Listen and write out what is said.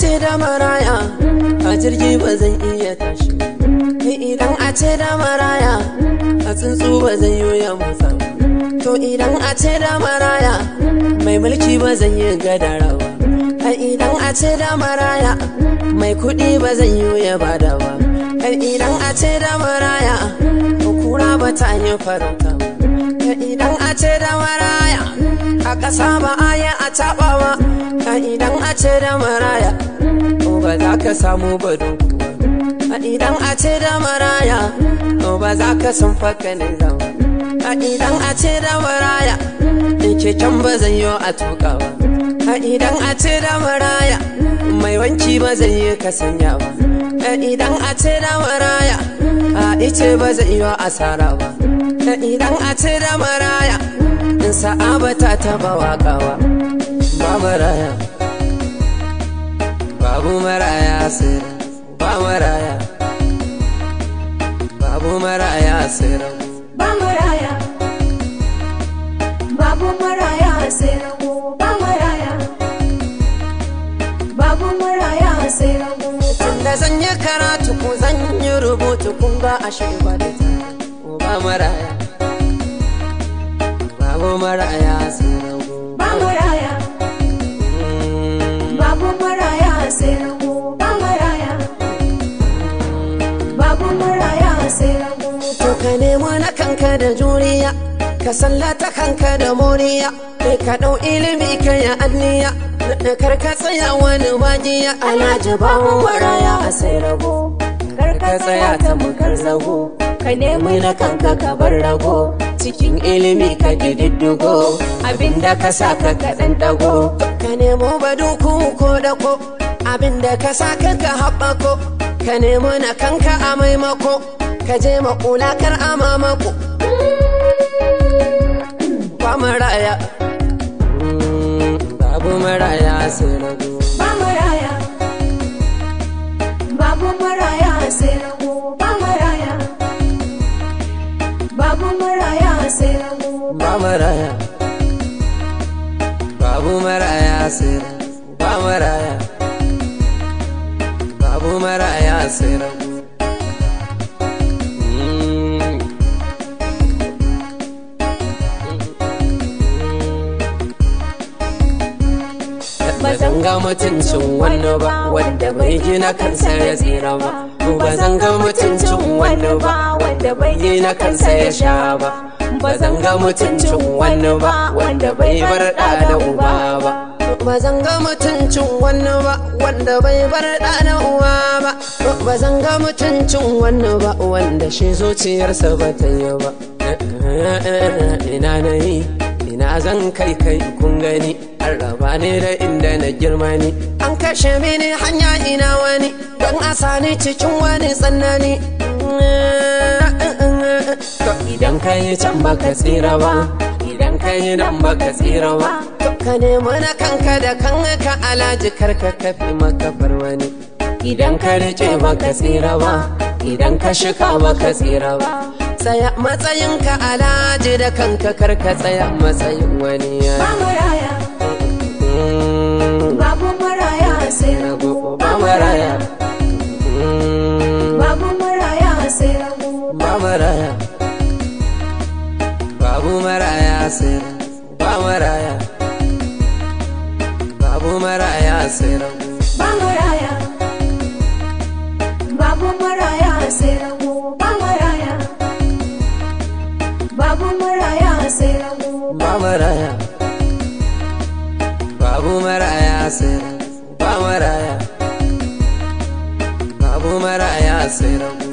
ce da maraya a jirgi ba zan iya tashi kai idan a ce da maraya a tsuntsu ba zan yi ya musa to idan a ce da maraya mai mulki ba zan yi gadara ba a idan a ce da maraya mai kuɗi ba zan yi ya bada ba a idan a ce da maraya kura ba ta yi farauta ba idan a ce da maraya a ƙasa ba a yi a taɓa ba kan idan a ce da maraya ko ba za ka samu bado a idan a ce da maraya ko ba za ka san fakanin zama a idan a ce da maraya can ba zan yi a tuka ba a idan a ce da maraya mai wanki ba zan yi ka sanya ba a idan a ce da maraya a ice ba zan yi asara ba idan a ce da maraya in sa'aba ta taba wakawa babu raya babu maraya sir ba maraya babu maraya sir ba maraya babu maraya sir ba maraya babu maraya sir tunda zan yi karatu ko zan yi rubutu kun ba a shirya da ta ba maraya babu maraya sai rago ba maraya mm. babu maraya sai rago ba maraya babu maraya sai rago to ka nemo na kanka da juriya ka sallata kanka da moriya kai ka dau ilimi ka ya anniya na karka tsaya wani wajiya ana jabawo maraya sai rago karka tsaya ta mukar zago ka nemi na kanka ka bar rago cikin ilimi ka diddigo abinda ka sa ka kaɗan dago ka nemo baduku ko dako abinda ka sa ka ka haɓako ka nemo na kanka a maimako ka je makula kar a mamako ba maraya mm, babu maraya sai rago ba maraya ba maraya babu maraya sai ba maraya babu maraya sai zan ga mutuncin wani ba wanda bai gina kansa ya tsira ba ba zan ga mutuncin wani ba wanda bai gina kansa ya sha ba ba zan ga mutuncin wani ba wanda bai bar da uba ba ba zan ga mutuncin wani ba wanda bai bar da uwa ba ba zan ga mutuncin wani ba wanda shi zuciyarsa ba ta yi ba ina na yi ina zan kai kai kun gani an raba ni da inda na girma ni an kashe mini hanya ina wani don a sani cikin wani tsanani idan ka yi can baka tsira ba idan ka yi nan baka tsira ba ka nemi na kanka da kanka alaji karka kafi maka wani idan ka rike baka tsira ba idan ka shika baka tsira ba tsaya matsayin ka alaji da kanka karka tsaya matsayin wani ya ba maraya mm. babu maraya sai rago ba maraya सिर बा मराया बाबू मराया सिर बा मराया बाबू मराया सिर वो बा मराया बाबू मराया सिर वो बा मराया बाबू मराया सिर बा मराया बाबू मराया सिर